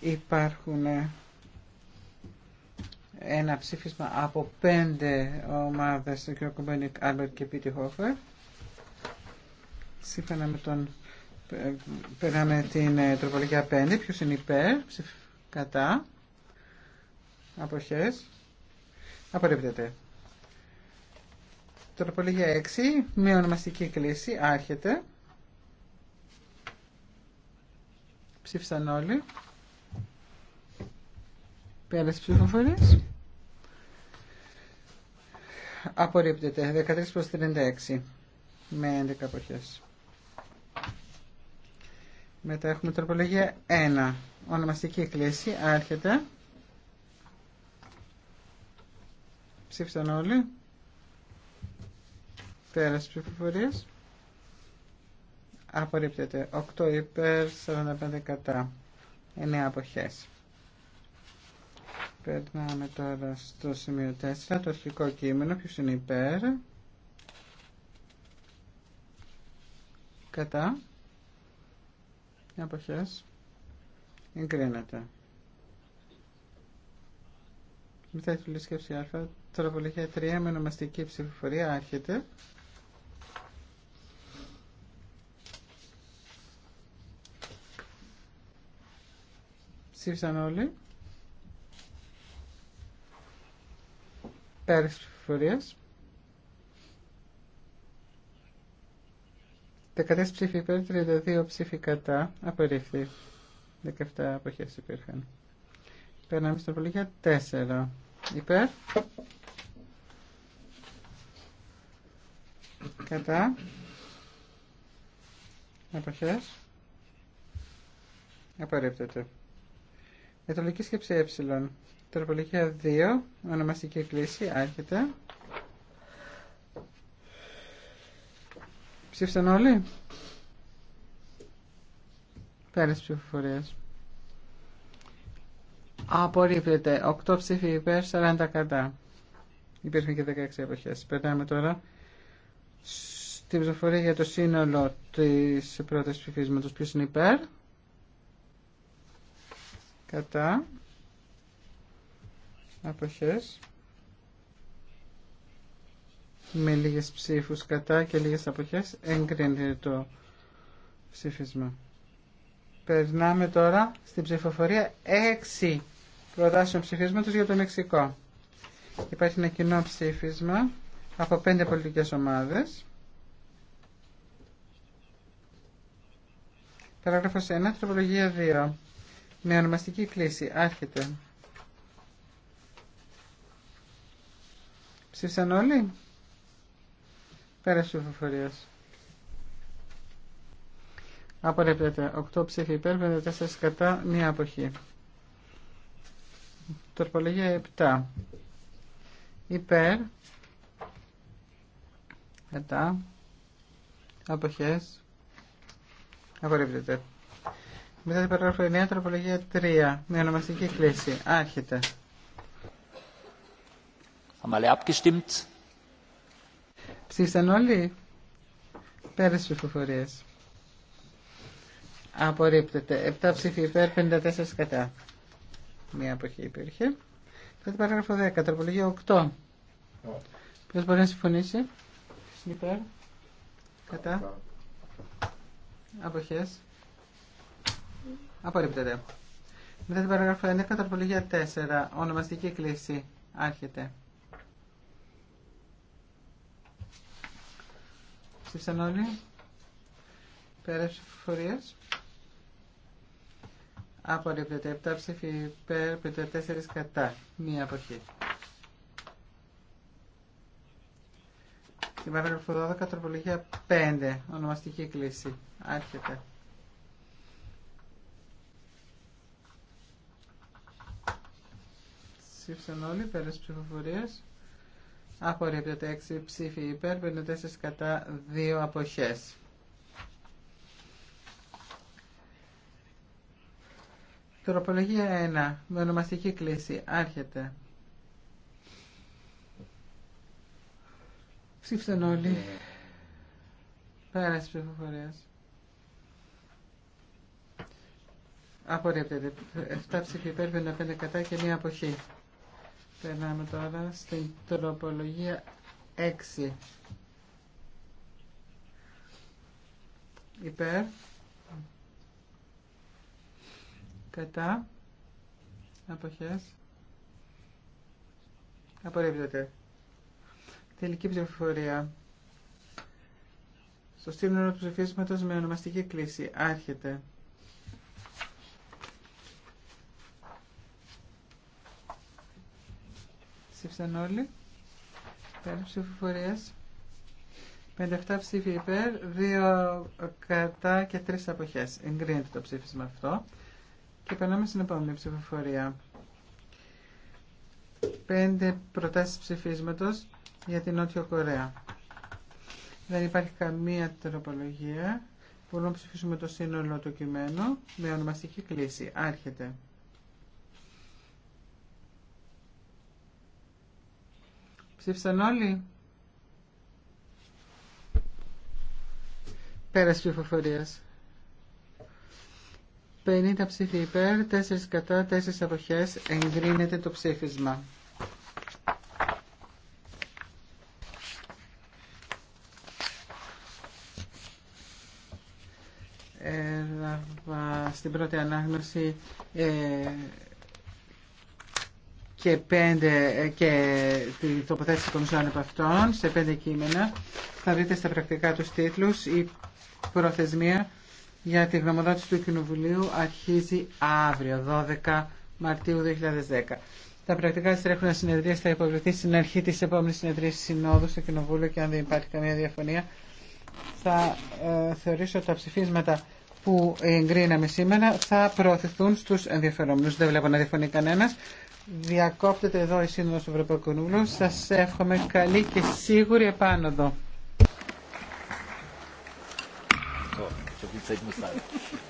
Υπάρχουν ε, ένα ψήφισμα από πέντε ομάδες του κ. Κομπένικ, Άλμπερτ και Πίτι Χόφερ. με τον... Ε, Περνάμε την ε, τροπολογία 5. Ποιος είναι υπέρ, ψηφ... κατά, αποχές. Απορρίπτεται. Τροπολογία 6. Με ονομαστική κλίση. Άρχεται. Ψήφισαν όλοι τι ψηφοφορία. Απορρίπτεται. 13 προς 36. Με 11 αποχές. Μετά έχουμε τροπολογία 1. Ονομαστική κλίση Άρχεται. Ψήφισαν όλοι. Πέρασε ψηφοφορία. Απορρίπτεται. 8 υπέρ 45 κατά. 9 αποχές. Περνάμε τώρα στο σημείο 4, το αρχικό κείμενο, ποιος είναι υπέρ. Κατά. Αποχές. Εγκρίνεται. Μετά η φιλή σκέψη α, τροπολογία 3 με ονομαστική ψηφοφορία άρχεται. Ψήφισαν όλοι. Πέρα τη ψηφοφορία. 14 ψήφοι υπέρ, 32 ψήφοι κατά. Απορρίφθη. 17 αποχέ υπήρχαν. Περνάμε στην απολογία 4. Υπέρ. Κατά. Αποχές. Απορρίπτεται. Ετρολογική σκέψη ε. Τροπολογία 2, ονομαστική κλίση, άρχεται. Ψήφισαν όλοι. Πέρασε ψηφοφορία. Απορρίπτεται. 8 ψήφοι υπέρ, 40 κατά. Υπήρχαν και 16 εποχέ. Περνάμε τώρα στην ψηφοφορία για το σύνολο τη πρώτη ψηφίσματο. Ποιο είναι υπέρ κατά αποχές με λίγες ψήφους κατά και λίγες αποχές εγκρίνεται το ψήφισμα. Περνάμε τώρα στην ψηφοφορία 6 προτάσεων ψηφίσματος για το Μεξικό. Υπάρχει ένα κοινό ψήφισμα από 5 πολιτικές ομάδες. Παράγραφος 1, τροπολογία 2 με ονομαστική κλίση. Άρχεται. Ψήφισαν όλοι. Πέρασε ο φοφορίας. Απορρίπτεται. 8 ψήφοι υπέρ, 54 κατά, μία αποχή. Τροπολογία 7. Υπέρ. Κατά. Αποχές. Απορρίπτεται. Μετά την παράγραφο 9, τροπολογία 3. Με ονομαστική κλίση. Άρχεται. Ψήφισαν όλοι. Πέρασε τι ψηφοφορίε. Απορρίπτεται. 7 ψήφοι υπέρ, 54 κατά. Μία αποχή υπήρχε. Μετά την παράγραφο 10, τροπολογία 8. Ποιο μπορεί να συμφωνήσει. Υπέρ. Κατά. Αποχές. Απορρίπτεται. Μετά την παραγραφή 11, καταρπολογία 4, ονομαστική κλίση. Άρχεται. Ψήφισαν όλοι. Πέρα ψηφοφορία. Απορρίπτεται. 7 ψήφοι υπέρ, 54 κατά. Μία αποχή. Στην παραγραφή 12, τροπολογία 5, ονομαστική κλίση. Άρχεται. Ψήφισαν όλοι, πέρα ψηφοφορία. Απορρίπτεται 6 ψήφοι υπέρ, 54 κατά 2 απόχέ. Τροπολογία 1. Με ονομαστική κλίση. Άρχεται. Ψήφισαν όλοι. Πέρασε ψηφοφορία. Απορρίπτεται. 7 ψήφοι υπέρ, 55 κατά και μία αποχή. Περνάμε τώρα στην τροπολογία 6. Υπέρ. Κατά. Αποχές. Απορρίπτεται. Τελική ψηφοφορία. Στο σύνολο του ψηφίσματος με ονομαστική κλίση. Άρχεται. Ψήφισαν όλοι. Πέρα ψηφοφορία. 57 ψήφοι υπέρ, 2 κατά και 3 αποχέ. Εγκρίνεται το ψήφισμα αυτό. Και περνάμε στην επόμενη ψηφοφορία. 5 προτάσει ψηφίσματο για την Νότιο Κορέα. Δεν υπάρχει καμία τροπολογία. Μπορούμε να ψηφίσουμε το σύνολο του κειμένου με ονομαστική κλίση. Άρχεται. Ψήφισαν όλοι. Πέρασε ψηφοφορία. 50 ψήφοι υπέρ, 4 κατά, 4 αποχέ. Εγκρίνεται το ψήφισμα. Έλαβα στην πρώτη ανάγνωση ε, και, πέντε, και την τοποθέτηση των ζώων από αυτών σε πέντε κείμενα. Θα βρείτε στα πρακτικά του τίτλους η προθεσμία για τη γνωμοδότηση του Κοινοβουλίου αρχίζει αύριο, 12 Μαρτίου 2010. Τα πρακτικά τη τρέχουνα συνεδρία θα υποβληθεί στην αρχή τη επόμενη συνεδρία Συνόδου στο Κοινοβούλιο και αν δεν υπάρχει καμία διαφωνία θα ε, θεωρήσω τα ψηφίσματα που εγκρίναμε σήμερα θα προωθηθούν στους ενδιαφερόμενους. Δεν βλέπω να διαφωνεί κανένας. Διακόπτεται εδώ η Σύνοδος του Ευρωπαϊκού Κοινοβουλίου. Σας εύχομαι καλή και σίγουρη επάνω επάνωδο. Oh,